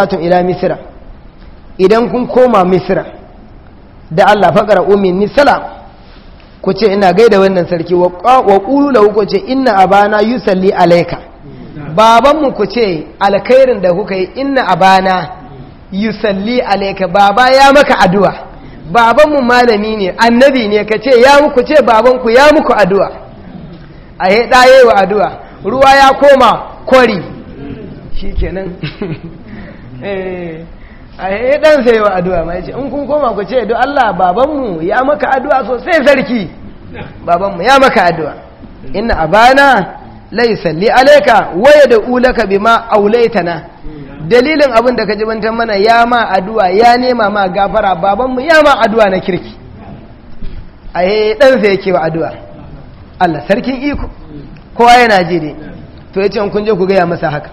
atun ila misira idan kun koma misira da Allah fakara umin nisala ku ce ina gaida wannan sarki wa ƙulu da a ce inna abana salli alaika babanmu ku ce alkhairin da kuka yi inna abana salli alaika baba ya maka addu'a babanmu malami ne annabi ne ka ce ya muku ce babanku ya muku addu'a a yi ɗaye wa addu'a ruwa ya koma kwari kenan eh dan sai wa addu'a mai ce in kun koma ku ce don Allah babanmu ya maka addu'a sosai sarki babanmu ya maka addu'a inna abana laysa li alayka wa yad'u laka bima aulaitana, dalilin abin da ka jibantar mana ya ma addu'a ya nema ma gafara babanmu ya ma addu'a na kirki ahe dan sai yake wa addu'a Allah sarkin iko kowa yana ji ne to yace in kun je ku ga ya masa haka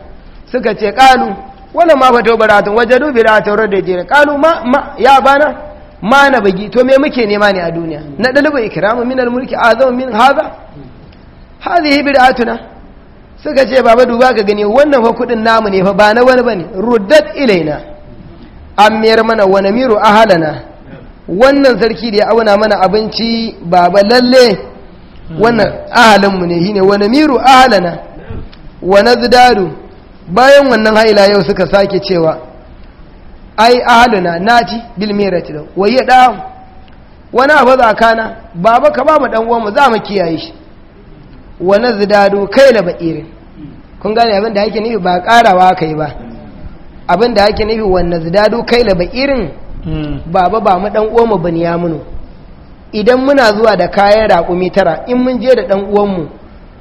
suka ce qalu wannan ma fato baratun wajadu bi da radda jira kanu ma ya bana ma na bagi to me muke nema ne a duniya na dalibu ikramu min mulki azam min hadha hadhihi bid'atuna suka ce baba duba ka gani wannan fa kudin namu ne fa ba na wani bane ruddat ilaina an mayar mana wa namiru ahalana wannan sarki da ya auna mana abinci baba lalle wannan ahalanmu ne shine wa namiru ahalana wa nazdaru bayan wannan haila yau suka sake cewa ai ahaluna naji bil mirati da waye da wani abu zakana baba ka ba mu dan uwan mu za mu kiyaye shi Wani zidado kai kaila ba'irin kun gane abin da yake nufi ba karawa kai ba abin da yake nufi zidado kai kaila ba'irin hmm. baba ba mu dan uwan mu idan muna zuwa da kayan raƙumi tara in mun je da dan uwan mu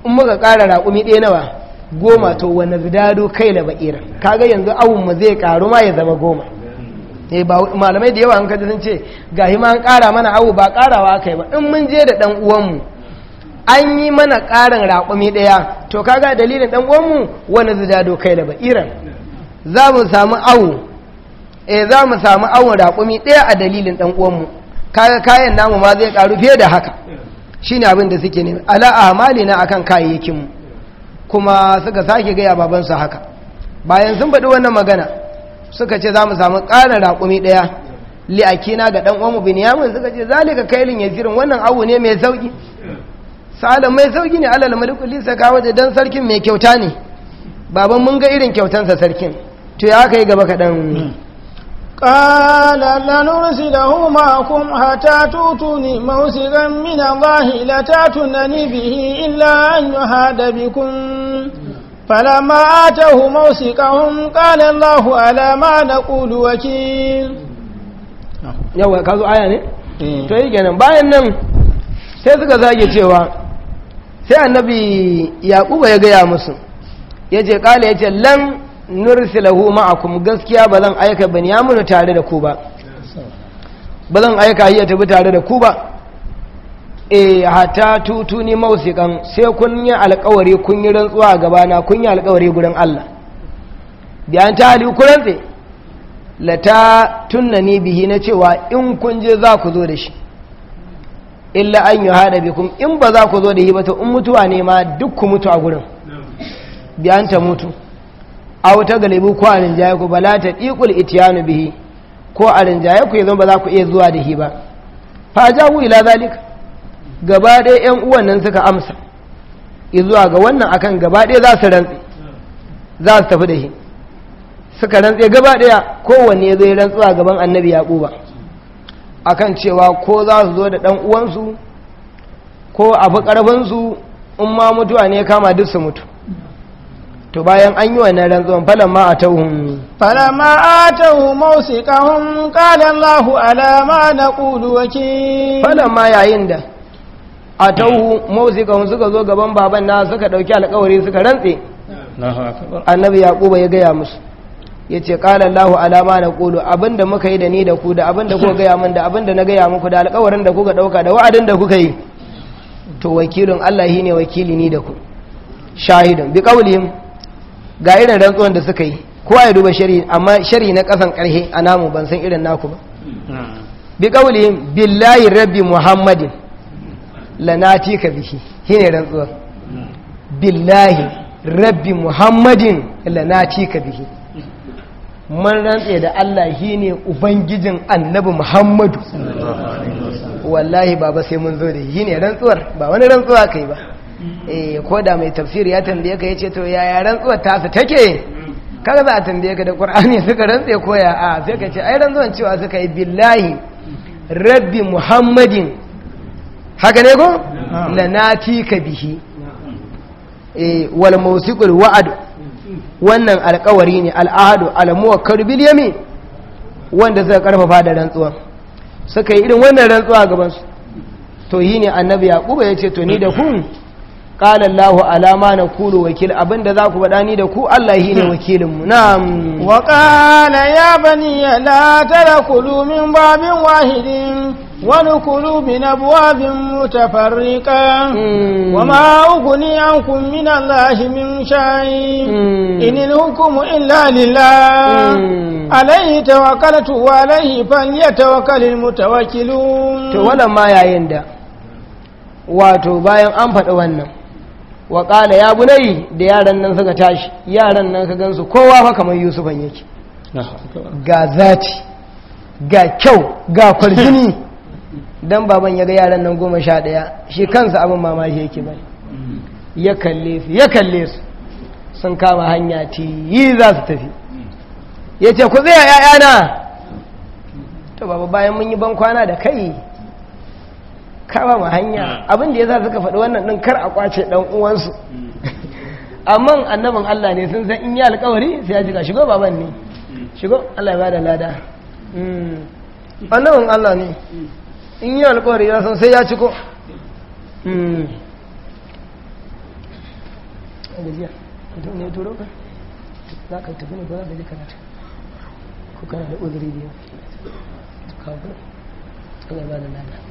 in muka kara raƙumi ɗaya nawa goma to wani zidado kai da ba'irin kaga yanzu awun zai karu ma ya zama goma eh, ba malamai da yawa an kaji sun ce ga ma an kara mana awu ba karawa aka yi ba in mun je da dan uwanmu an yi mana karin raƙumi daya to kaga dalilin dan uwanmu wani zidado kai da ba'irin za mu samu awu eh za mu samu awun raƙumi daya a dalilin dan uwanmu. kaga kayan namu ma zai karu fiye da haka shine abin da suke ne ala Amalina akan kayayyakin mu kuma suka sake gaya babansu haka bayan sun faɗi wannan magana suka ce za mu samu ƙarin raƙumi ɗaya li'akina ga ɗan uwanmu binyamin suka ce zalika kailin yasirin wannan awu ne mai sauƙi salam mai sauƙi ne alal malikuli lisa ka waje dan sarkin mai kyauta ne baban mun ga irin kyautansa sarkin to ya yi gaba kaɗan قال لنرسله معكم حتى توتوني موسكا من الله لتاتونني به إلا أن يهاد بكم فلما آته موسكهم قال الله على ما نقول وكيل يوه كذو zo aya ne? باين yi kenan bayan nan sai suka zage cewa sai annabi yaƙuba ya gaya musu nursilahu ma'akum gaskiya ba zan aika binyamin tare da ku ba ba zan aika hiya tafi tare da ku ba e hata tutuni mausikan sai kun yi alkawari kun yi rantsuwa a gabana kun yi alkawari gurin Allah bayan ta hali ku rantsi la ta ni bihi na cewa in kun je za ku zo da shi illa an yi hada bikum in ba za ku zo da yi ba ta in mutuwa ne ma duk ku mutu a gurin biyan ta mutu aw ta galibu ko a rinjaye ku bala ta ɗiƙul itiyanu bihi ko a rinjaye ku ya ba za ku iya zuwa da shi ba fa jawu ila zalika gaba ɗaya ƴan uwan nan suka amsa zuwa ga wannan akan gaba ɗaya za su rantse za su tafi da shi suka rantse gaba ɗaya kowanne ya zo ya rantsuwa gaban annabi yaquba akan cewa ko za su zo da ɗan uwansu ko abu ƙarfinsu in ma mutuwa ne kama duk su mutu to bayan an yi wannan rantsuwan falamma atawhum falamma atawhum mawsiqahum qala Allahu ala ma naqulu wakil falamma yayin da mausi kahun suka zo gaban baban na suka dauki alkawari suka rantse annabi yaquba ya gaya musu ce qala lahu alama na ƙudu abinda muka yi da ni da ku da abinda kuka gaya min da abinda na gaya muku da alƙawarin da kuka dauka da wa'adin da kuka yi to wakilin Allah ne wakili ni da ku shahidun bi qawlihim ga irin rantsuwan da suka yi ko a ya duba shari amma shari na kasan karhe a namu ban san irin naku ba bi kaulihim billahi rabbi muhammadin lanati ka bihi shine rantsuwa billahi rabbi muhammadin lanati ka bihi man rantse da Allah shine ubangijin annabi muhammadu wallahi baba sai mun zo da shine rantsuwar ba wani rantsuwa kai ba Eh, ko da mai tafsir ya tambaye ka ya ce to yaya rantsuwar tasu take kaga za a tambaye ka da ƙur'ani suka rantse koya a sai ka ce ai rantsuwar cewa suka yi billahi rabbi muhammadin haka ne ko la ka bihi eh, wal mawsiqul wa'd wannan alƙawari ne al'ahadu al-muwakkal bil wanda suka karfafa da rantsuwa suka yi irin wannan rantsuwa gaban su to yi ne annabi yaquba ce to ni da kun قال الله على ما نقول وكيل ابن ذا كو بداني da ku Allah shi ne wakilin mu na'am ya bani ya tadkhulu min babin wahidin wa nukulu min abwabin mutafarriqa wa ma ughni ankum min Allahi min shay in al-hukmu illa lillah alayhi tawakkaltu wa alayhi falyatawakkalul mutawakkilun to wala ma yayin da wato bayan an faɗi wannan wa ƙala ya bunayi da yaran nan suka tashi yaran nan ka gansu kowa fa kamar yusufan yake ga zaci ga kyau ga kwarjini don baban ya ga yaran nan goma sha ɗaya shi kansa abin mamaki yake bai mm. ya kalle su ya kalle su sun kama hanya yi za su tafi ya ce ku zai ya ‘ya'yana ta baba bayan mun yi ban kwana da kai kama ma hanya hmm. abin da ya sa suka faɗi wannan ɗin kar a kwace ɗan uwansu hmm. amma annabin Allah ne sun san in yi alkawari sai ya jika shigo baban ne hmm. shigo Allah ya bada lada annabin Allah ne in yi alkawari ya san sai ya ciko gajiya ba da biyu kawo ba da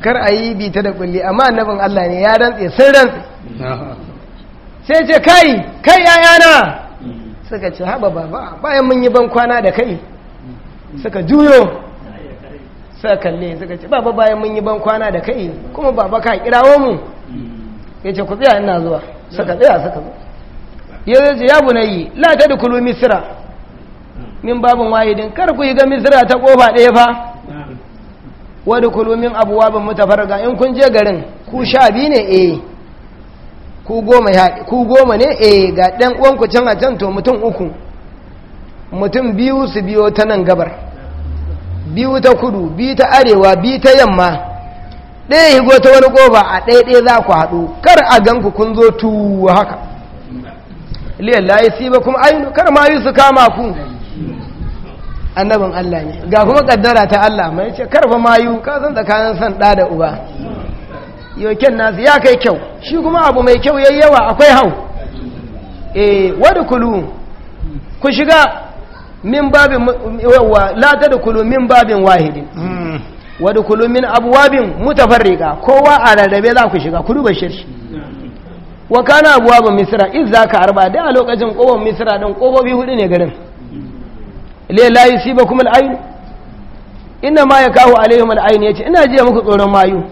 kar a yi bita da kulli amma annabin Allah ne ya rantse sun rantse sai ce kai kai yayana suka ce haba baba bayan mun yi ban kwana da kai suka juyo suka kalle suka ce baba bayan mun yi ban kwana da kai kuma baba ka kirawo mu ya ce ku tsaya ina zuwa suka tsaya suka zo ya zai ce ya bunayi la ta dukulu misira min babin wahidin kar ku yi ga misira ta kofa ɗaya fa wadda kulumin abuwa ban mutafarga in kun je garin ku sha biyu ne eh ku goma ne eh ga ɗan uwanku can a can to mutum uku mutum biyu su biyo ta nan gabar biyu ta kudu biyu ta arewa biyu ta yamma ɗaya higo ta wani ƙofa a ɗaya ɗaya za ku haɗu kar a gan ku kun zo tuwa haka liyan layi si ba kuma ainihin kar ma yi su kama ku annabin Allah ne ga kuma kaddara ta Allah mai ce karfa mayu ka san tsakanin san da da uba yoken nasu ya kai kyau shi kuma abu mai kyau yayi yawa akwai hau eh Kulu ku shiga min babin yawa la Kulu min babin wahidin hmm. wadkhulu min abwabin mutafarriqa kowa a rarrabe za ku shiga ku duba shirshi wa kana abwabu misra iz zaka arba da a lokacin kofar misra din kofofi hudu ne garin ile la ba al-ayn ina ma yakahu alaihim al yace ina jiya muku tsoron mayu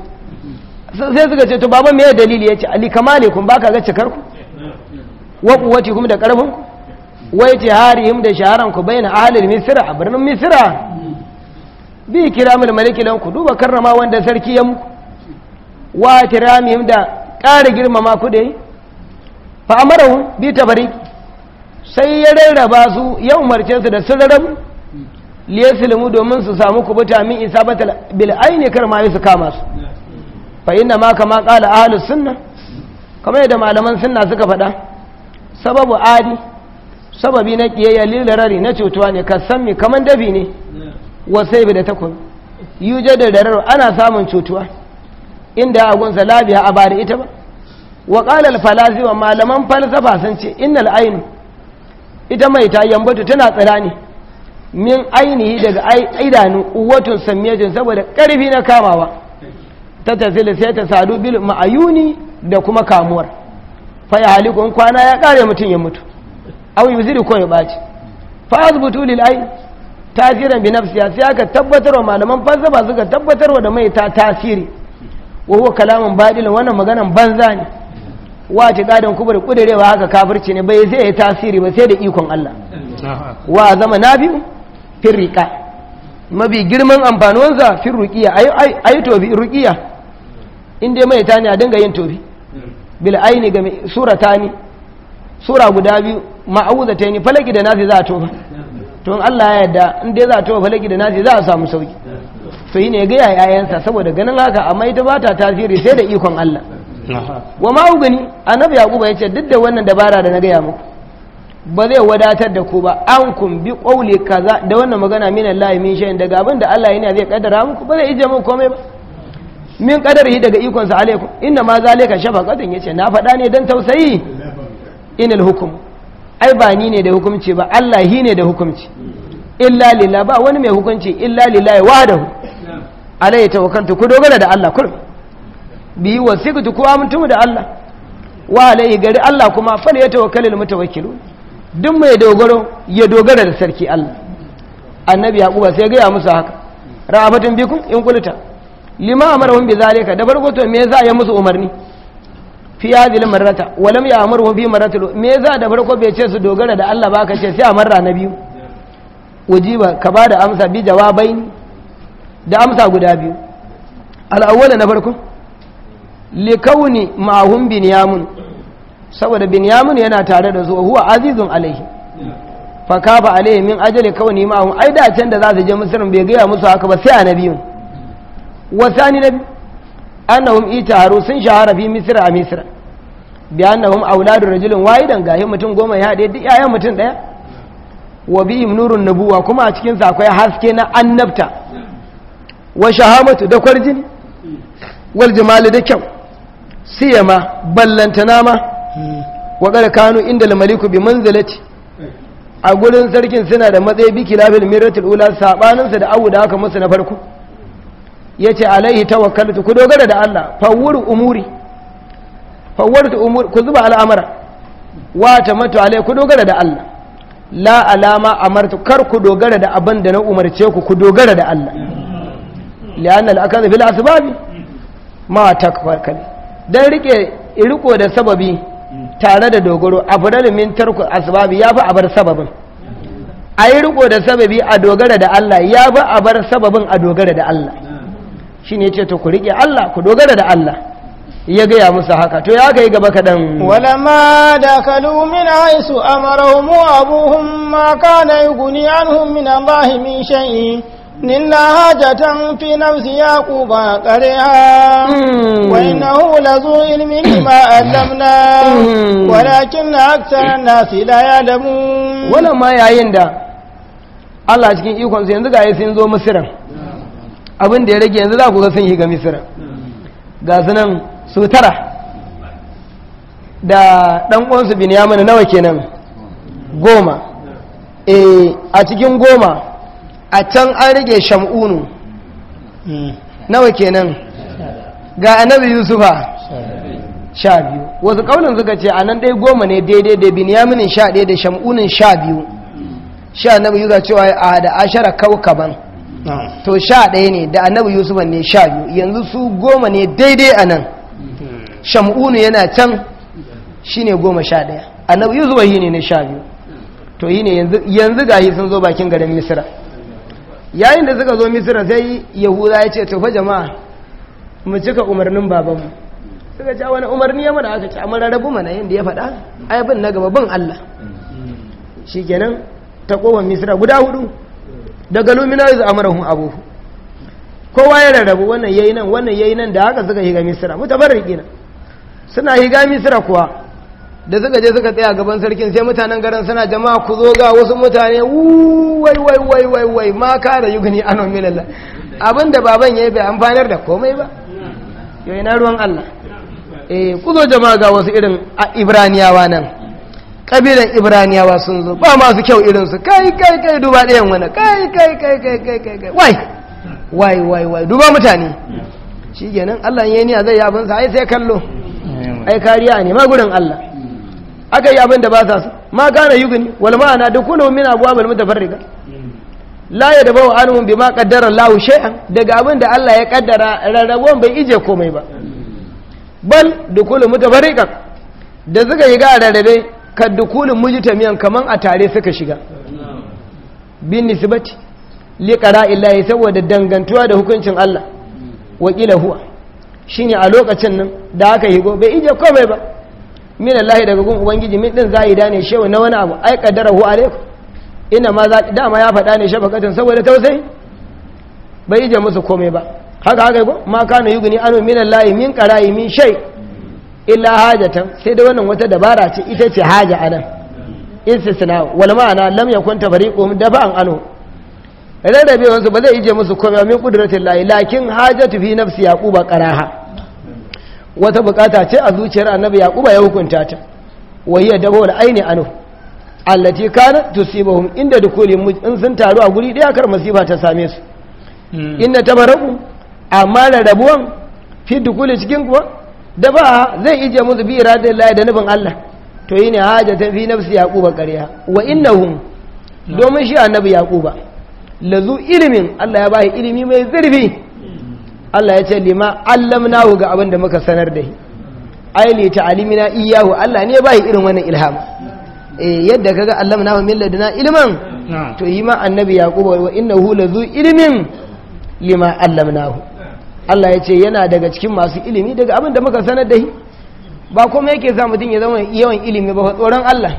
sai suka ce to baban me ya dalili yace ali kamalikum baka ga cikar ku wa kuma da karfin ku wai jiharihim da shaharan ku bayan ahalar misra a birnin misra bi kiramul maliki lan ku duba karrama wanda sarki ya muku wa tiramihim da ƙara girmama ku dai fa amarahu bi tabariki sai ya rarraba su ya umarce su da sirrarin liyasilmu domin su samu kubuta min isa isabata bil aini kar ma su kama su fa maka ma kama qala suna? sunna kamar yadda malaman sunna suka faɗa sababu adi sababi na kiyayya lilarari na cutuwa ne kasan mi kaman dabi ne wasai bi da yi yuje da darar ana samun cutuwa inda gunsa labiya a bari ita ba wa falazi wa malaman falsafa sun ce innal ainu ita mai ta yambatu tana tsira ne min ainihi daga idanun uwatun samiyajin saboda karfi na kamawa ta tafili sai ta sadu bil ma'ayuni da kuma kamuwar faya halikun kwana ya kare mutum ya mutu au yuziri ko ya ɓaci fa azbutu lil ayn tasirin bi nafsiya sai aka tabbatar wa malaman falsafa suka tabbatar wa da mai ta tasiri wa huwa kalamun badil wannan maganan banza ne wa gadon kubur kudurewa haka kafirci ne bai zai yi tasiri ba sai da ikon Allah wa zama nabiu firrika mabi girman amfanuwansa fir ruƙiya. ayi yi tobi ruƙiya. in dai mai tani a dinga yin tobi. bil aini ga sura ni, sura guda biyu ma'auza ta ni falaki da nasi za a tofa to in Allah ya yarda in dai za a tofa falaki da nasi za a samu sauki to yi ne ga yayansa saboda ganin haka amma ita ba ta tasiri sai da ikon Allah wa ma ugani annabi yaquba yace duk da wannan dabara da na gaya muku ba zai wadatar da ku ba an kun bi qawli kaza da wannan magana min Allah min shay'in daga abin da Allah yana zai kaddara muku ba zai ije muku komai ba min yi daga ikon sa alaikum inna ma zalika shafaqatin yace na faɗa ne dan tausayi inal hukum ai ba ni ne da hukunci ba Allah hi ne da hukunci illa lillahi ba wani mai hukunci illa lillahi wahdahu alayhi tawakkaltu ku dogara da Allah kullum bi wa sigtu ko amintu da Allah wa alai gari Allah kuma fal ya tawakkalul mutawakkilu duk mai dogaro ya dogara da sarki Allah annabi yaquba sai ga ya musu haka rahmatun bikum in kulta lima amarahum bi zalika da farko to me za ya musu umarni fi hadhihi marrata wa lam ya'murhum bi marratil me za da farko bai ce su dogara da Allah ba ka ce sai a marra na biyu wajiba ka bada amsa bi jawabai da amsa guda biyu al na farko likauni ma'ahun binyamun saboda binyamun yana tare da zuwa huwa azizun alaihi faka ba alaihi min ajali kauni ma'ahun ai da can da za su je misirin bai gaya musu haka ba sai a nabiyun wasani na annahum itaharu sun shahara fi misira a misira bi annahum auladu rajulin wahidan gahi mutum goma ya haɗe duk yayan mutum ɗaya wa bi nurun nabuwa kuma a cikin sa akwai haske na annabta wa shahamatu da kwarjini wal jimali da kyau siyama ballantana ma waɗar kanu inda lamaliku bi manzalaci a gurin sarkin suna da matsayi biki lafil miratul ula sabaninsa da awu da aka musu na farko ya ce alaihi tawakkaltu ku dogara da Allah fawwaru umuri fawwartu umuri ku zuba al'amara wa tamattu alai ku dogara da Allah la alama amartu kar ku dogara da abin da na umarce ku ku dogara da Allah li'anna al-akadha bil asbabi ma takfakal don rike iriko da sababi tare da dogaro a fadalu min a sababi ya fi abar sababin a yi riko da sababi a dogara da Allah ya fi abar sababin a dogara da Allah shi ne ce to ku rike Allah ku dogara da Allah ya gaya musu haka to ya ga yi gaba kaɗan ma da kalu min haisu abu abuhum ma kana yuguni anhum min allahi min shan'i إن حاجة في نفس يعقوب قريها وإنه لذو علم لما علمنا ولكن أكثر الناس لا يعلمون ولما yayin da Allah cikin ikonsa yanzu ga sun zo Misira abin da ya rage yanzu za ku ga sun yi ga Misira ga sunan su tara da uwansu Binyamina nawa kenan goma eh a cikin goma a can an rage shamunu hmm. nawa kenan ga annabi yusufa sha biyu wasu kaunin suka ce a nan dai goma ne daidai da binyaminin sha ɗaya da shamunin sha biyu sha annabi yusufa cewa a da ashara kaukaban hmm. to sha ɗaya ne da annabi yusufa ne sha biyu yanzu su goma ne daidai a nan shamunu yana can shi ne goma sha ɗaya annabi yusufa yi ne na sha biyu to yi ne yanzu yi sun zo bakin garin misira yayin da suka zo misira sai yahuda ya ce tafa jama'a mu cika umarnin babanmu suka ce wani umarni ya mana aka ci amma rarrabu mana yadda ya faɗa ai na gaba bin Allah shi kenan ta kofar misira guda hudu daga lumina yanzu amarahun abu kowa ya rarrabu wannan yayi nan wannan yayi nan da haka suka higa misira mutabarriki na suna higa misira kuwa da suka je suka tsaya gaban sarkin sai mutanen garin suna jama'a ku zo ga wasu mutane wai wai wai wai wai ma da yi gani anon milalla abinda baban ya yi bai amfanar da komai ba yau ina ruwan Allah eh ku zo jama'a ga wasu irin ibraniyawa nan kabilan ibraniyawa sun zo ba masu kyau irin su kai kai kai duba ɗayan wani kai kai kai kai kai kai kai wai wai wai wai duba mutane shi kenan Allah ya yi niyya zai abin sa ai sai kallo ai kariya ne ma gurin Allah aka yi abin da ba sa su ma da yugni wal ma'ana dukunu min abwabil mutafarriqa da yadbu anhum bima kaddara lahu shay'an daga abin da Allah ya kaddara rarrabuwan bai ije komai ba bal dukulu mutafarriqa da suka yi ga rarrabe ka dukulu mujtamiyan kaman a tare suka shiga bin nisbati li qara'illahi saboda dangantuwa da hukuncin Allah wakila huwa shine a lokacin nan da aka yi go bai ije komai ba min Allah daga gun ubangiji min din zaida ne shewa na wani abu ai qaddarahu alaikum ina ma za dama ya faɗa ne shafaqatan saboda tausayi bai je musu komai ba haka haka ko ma kana yugni anu min Allah min qara'i min shay illa hajatan sai da wannan wata dabara ce ita ce haja anan istisna wal ma'ana lam yakun tafariqum dafa'an anhu su ba zai je musu komai min qudratillahi lakin hajatu fi nafsi yaquba qaraha wata bukata ce a zuciyar annabi yaquba ya hukunta ta wa hiya dabawul aini anu allati kana tusibuhum inda dukuli in sun taru a guri daya kar masiba ta same su hmm. inna tabaraku amma la rabuwan fi dukuli cikin kuwa da ba zai ije musu bi iradin Allah da nufin Allah to yi ne ta fi nafsi yaquba ƙarya wa innahum hmm. domin shi annabi yaquba lazu ilimin Allah ya bashi ilimi mai zurfi Allah ya ce lima allamnahu ga abin da muka sanar da shi ai li ta'alimina iyyahu Allah ne bai irin wannan ilham eh yadda kaga allamnahu min ladina ilman to yi ma annabi yaquba wa innahu lazu ilmin lima allamnahu Allah ya ce yana daga cikin masu ilimi daga abin da muka sanar da shi ba kuma yake sa mutum ya zama yawan ilimi ba tsoron Allah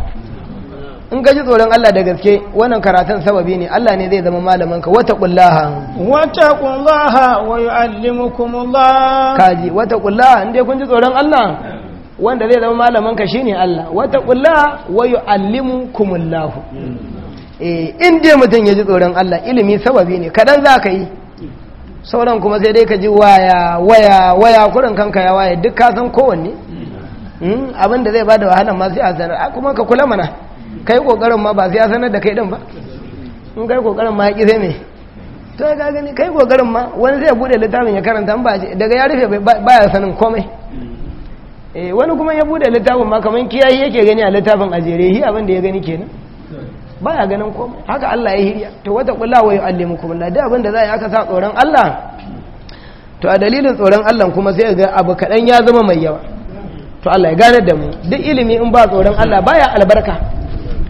in ka ji tsoron Allah da gaske wannan karatun sababi ne Allah ne zai zama malamin ka wata kullaha wata kullaha wa yu'allimukumullah kaji wata kullaha in dai kun ji tsoron Allah wanda zai zama malamin ka shine Allah wata kullaha wa yu'allimukumullah eh in dai mutum ya ji tsoron Allah ilimi sababi ne kadan za ka yi sauran kuma sai dai ka ji waya waya waya kurin kanka ya waya duk ka san kowanne hmm, abin da zai bada wahala masu sai a ah, kuma ka kula mana kai kokarin ma ba sai ya sanar da kai din ba in kai kokarin ma ya sai ne to ya ga gani kai kokarin ma wani zai bude littafin ya karanta ba daga ya rufe baya sanin komai eh wani kuma ya bude littafin ma kamar kiyayi yake gani a littafin ajere hi abin da ya gani kenan Ba ya ganin komai haka Allah ya hirya to wata kullawa wa yu'allimukum Allah da abin da za ya aka sa tsoron Allah to a dalilin tsoron Allah kuma sai ga abu kadan ya zama mai yawa to Allah ya gane da mu duk ilimi in ba tsoron Allah baya albarka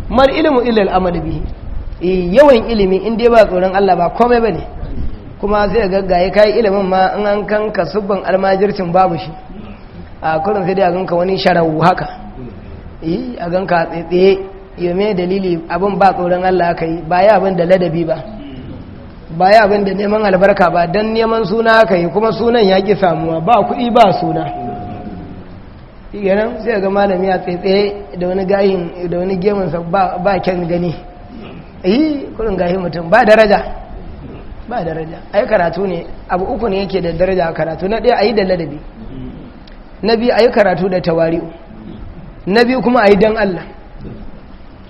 mar ilmu illa al'amal bihi eh, yawan ilimi in dai ba tsoron Allah ba komai bane kuma sai gaggaye gaye kai ilimin ma in an kanka subban almajircin babu shi a sai dai a ganka wani sharawu haka eh a ganka tsaye mai dalili abin ba tsoron Allah ka yi ba ya abin da ladabi ba ba ya abin da neman albarka ba don neman suna ka yi kuma sunan ya ƙi samuwa ba kuɗi ba suna shi ganin sai ga malami ya tsaye da wani gayin da wani gemunsa ba kyan gani yi kudin gahin mutum ba daraja ba daraja ai karatu ne abu uku ne yake da daraja a karatu na ɗaya a yi da ladabi na biyu a yi karatu da tawari'u na biyu kuma a yi don allah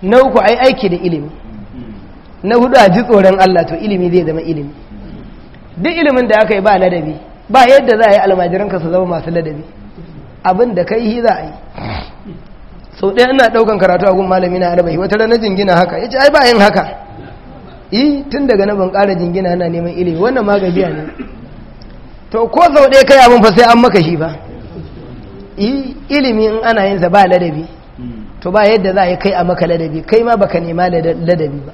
na uku a yi aiki da ilimi na hudu a ji tsoron allah to ilimi zai zama ilimi duk ilimin da aka yi ba ladabi ba yadda za a yi almajiranka su zama masu ladabi abin da kai yi za a yi sau ɗaya ina ɗaukan karatu a gun malami na arabai wata rana jingina haka ya ce ai ba yin haka yi tun daga na ban ƙara jingina ana neman ilimi wannan ma gajiya ne to ko sau ɗaya kai abin fa sai an maka shi ba yi ilimi in ana yin ba ladabi to ba yadda za a yi kai a maka ladabi kai ma baka nema ladabi ba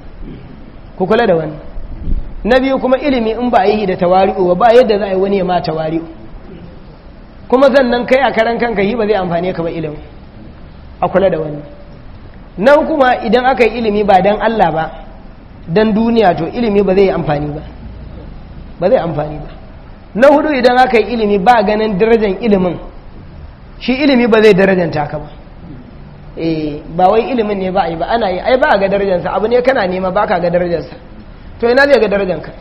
ku kula da wani. na biyu kuma ilimi in ba yi da tawari'u ba ba yadda za a yi wani ya ma tawari'u kuma nan kai a karan kanka yi ba zai amfani ka ba ilimi a kula da wani nan kuma idan aka yi ilimi ba dan Allah ba dan duniya to ilimi ba zai amfani ba ba zai amfani ba na hudu idan aka yi ilimi ba ganin darajar ilimin shi ilimi ba zai darajar taka ba eh ba wai ilimin ne ba a yi ba ana yi ai ba a ga darajarsa abu ne kana nema ba ka ga darajarsa to ina zai ga darajanka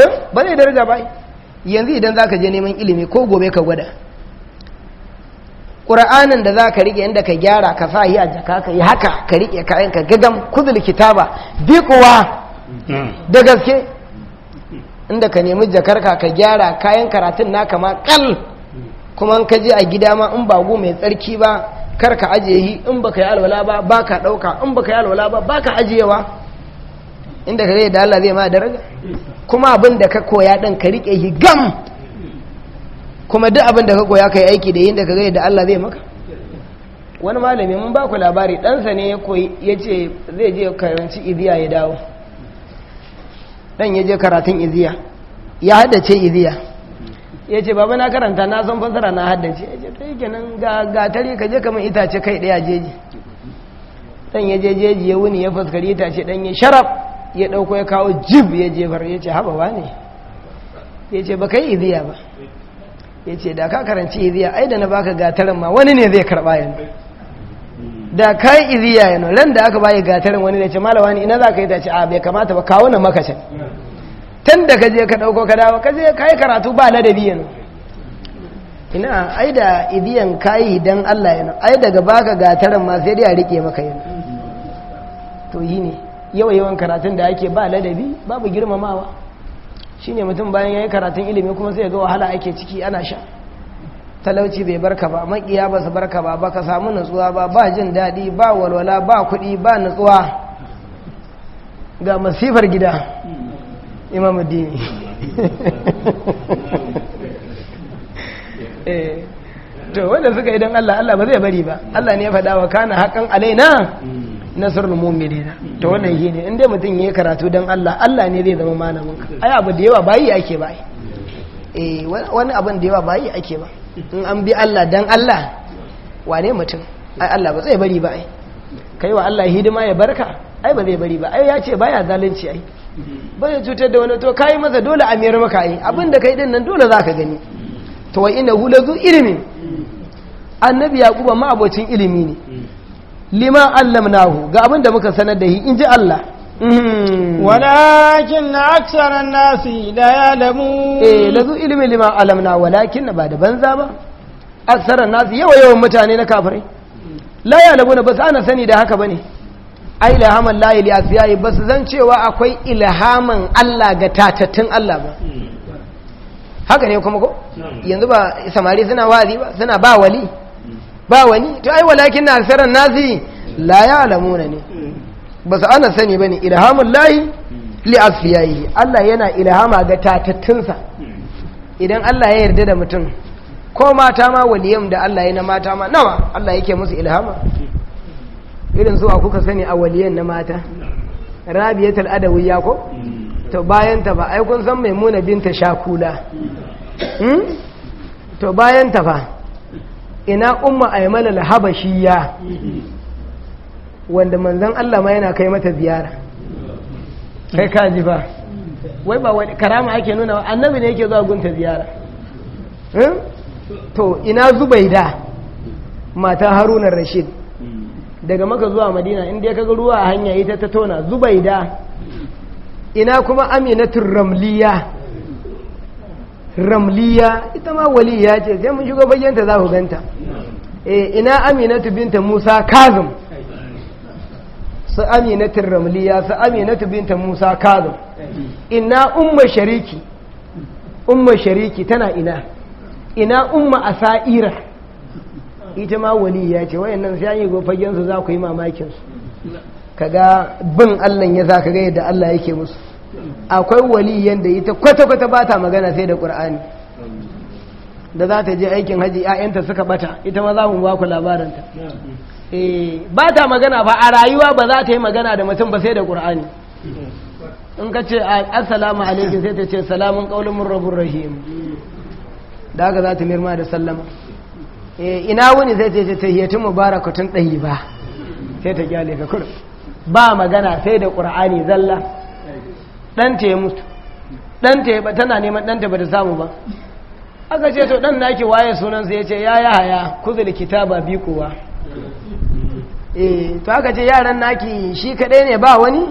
eh ba zai daraja ba yanzu idan za ka je neman ilimi ko gobe ka gwada ƙura'anin da za ka riƙe inda ka gyara ka sa yi a jaka ka yi haka ka riƙe kayan ka gagam kuzul kitaba bi kuwa da gaske inda ka nemi jakarka ka gyara kayan karatun naka ma kal kuma ka je a gida ma in ba gu mai tsarki ba kar ka ajiye yi in baka yi alwala ba baka ɗauka in baka yi alwala ba baka ajiyewa inda ka da Allah zai ma daraja kuma abin da ka koya dan ka riƙe shi gam kuma duk abin da ka koya ka yi aiki da yin da ka da Allah zai maka wani malami mun ba ku labari ɗansa ne ya ce zai je karanci iziya ya dawo ɗan ya je karatun iziya ya haddace iziya ya ce babu na karanta na san fasara na haddace ya ce ta yi kenan ga tare ka je kamar itace kai ɗaya jeji ɗan ya je jeji ya wuni ya fuskari itace ɗan ya sharaf ya ɗauko ya kawo jib ya jefar ya ce haɓa ba ne ya ce ba kai iziya ba ya ce da ka karanci iziya ai da na baka gatarin ma wani ne zai karɓa yanzu da ka yi iziya yanzu ran da aka bayi gatarin wani da ce malawa ne ina za ka yi ta ce a bai kamata ba kawo na makashin tun da ka je ka ɗauko ka dawo ka je ka yi karatu ba ladabi yanzu ina ai da iziyan ka yi don allah yanzu ai daga baka gatarin ma sai dai a riƙe maka yanzu to yi ne yawa yawan karatun da ake ba ladabi babu girmamawa shine mutum bayan ya yi karatun ilimi kuma sai ga wahala ake ciki ana sha talauci bai barka ba makiya ba su barka ba ba ka samu nutsuwa ba ba jin daɗi ba walwala ba kuɗi ba nutsuwa ga masifar gida imam addini eh, to wanda suka idan Allah Allah ba zai bari ba Allah ne ya faɗa wa kana haƙan alaina nasarul na to wannan shine in dai mutum yayi karatu dan Allah Allah ne zai zama malamin ka ai abu da yawa bayi ake ba eh wani abin da yawa bayi ake ba in an bi Allah dan Allah wane mutum ai Allah ba zai bari ba ai kai wa Allah hidima ya barka ai ba zai bari ba ai ya ce baya zalunci ai zai cutar da wani to kai masa dole a miyar maka ai da kai din nan dole zaka gani to wa inna hulazu lazu ilmin annabi yaquba ma abocin ilimi ne liman allamnahu ga abin da muka sanar da shi in ji Allah hmm. walakin aksara nasi da ya lamu eh lazu ilimin liman alamna walakin ba da banza ba aksara nasi yawa yawan mutane na kafirai la ya lamu ba su ana sani da haka ba ne a ilhaman layi liyasiyayi ba su zan cewa akwai ilhaman Allah ga tatattun Allah ba hmm. haka ne kuma ko hmm. yanzu ba samari suna wazi ba suna ba wali ba wani to ai walakin na asarar nazi la ya na ne ba su ana sani ba ne ilhamun layi li asfiyayi Allah yana ilhama ga tatattunsa idan Allah ya yarda da mutum ko mata ma waliyam da Allah ya na mata ma nawa Allah yake musu ilhama irin zuwa kuka sani a waliyan na mata rabiyatul adawiyya ko to bayan ta ba ai kun san maimuna binta shakula hmm? to bayan ta fa ina umma aimal al-habashiyya wanda manzan Allah ma yana kai mata ziyara kai ka ba wai ba wani karama ake nuna wa? annabi ne yake zuwa gunta ziyara hmm? to ina zubaida mata haruna rashid daga maka zuwa madina inda ya kaga ruwa a hanya ita ta tona zubaida ina kuma aminatun ramliya ramliya ita ma waliya ce sai mun shiga bayyanta za ku ganta Eh, ina aminatu binta musa kazim su aminatun ramliya su aminatu binta musa kazim ina umma shariki umma shariki tana ina ina umma asa'ira ita ma ya ce nan sai an yi gofagensu za ku yi mamakinsu kaga bin allah ya za ka ga yadda allah yake musu akwai waliyan da ita kwata-kwata ba ta magana sai da ƙur'ani da za ta je aikin haji ‘ya'yanta suka bata ita ma za mu ba ku labarinta eh, ba ta magana ba a rayuwa ba za ta yi magana da mutum ba sai da ƙur'ani in ka ce assalamu alaikum sai ta ce salamun ƙaunin murrabun rahim da aka za ta mirma da sallama eh, ina wuni sai ta ce ta hiyatun mubarakatun ɗayi ba sai ta gyale ka kurum ba magana sai da ƙur'ani zalla ɗanta ya mutu ɗanta ya tana neman ɗanta ba ta samu ba aka ce to dan naki waye sunansa ya ce ya ya haya kuzul kitaba bi kuwa eh to aka ce yaran naki shi kadai ne ba wani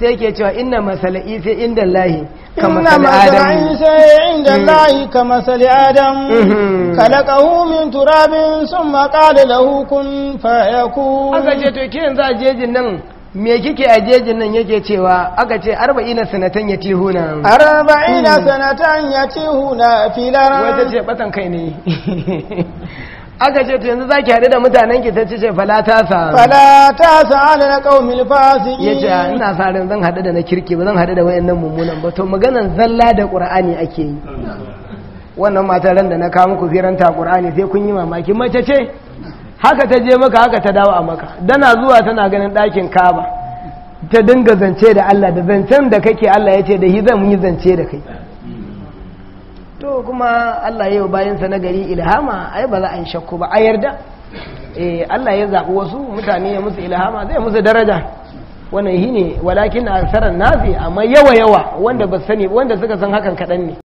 sai ke cewa inna masala isa inda lahi kama sali adam inna masala inda hmm. lahi kama sali adam hmm. kalakahu min turabin sun maƙali lahukun fayaku aka ce to kiyan za a jejin nan me kike a jejin nan yake cewa aka ce arba'ina sanatan ya tihuna arba'ina hmm. sanatan ya tihuna filar wata ce batan kai ne aka ce to yanzu za ki haɗu da mutanen ki ta ce ce falatasa sa sa ala na ƙaumil fasiki ya ce ina sa ran zan haɗu da na kirki ba zan haɗu da wayannan mummunan ba to maganan zalla da ƙur'ani ake yi wannan mataran da na kawo muku firanta ƙur'ani sai kun yi mamaki mace ce haka ta je maka haka ta dawo a maka dana zuwa tana ganin ɗakin kaba ta dinga zance da Allah da zancen da kake Allah ya ce da hi zan yi zance da kai to kuma Allah yau bayansa na gari ilhama ai ba za a yi shakku ba a yarda eh Allah ya zaɓi wasu mutane ya musu ilhama zai musu daraja wannan shine walakin aksaran nasi amma yawa yawa wanda ba sani wanda suka san hakan kaɗan ne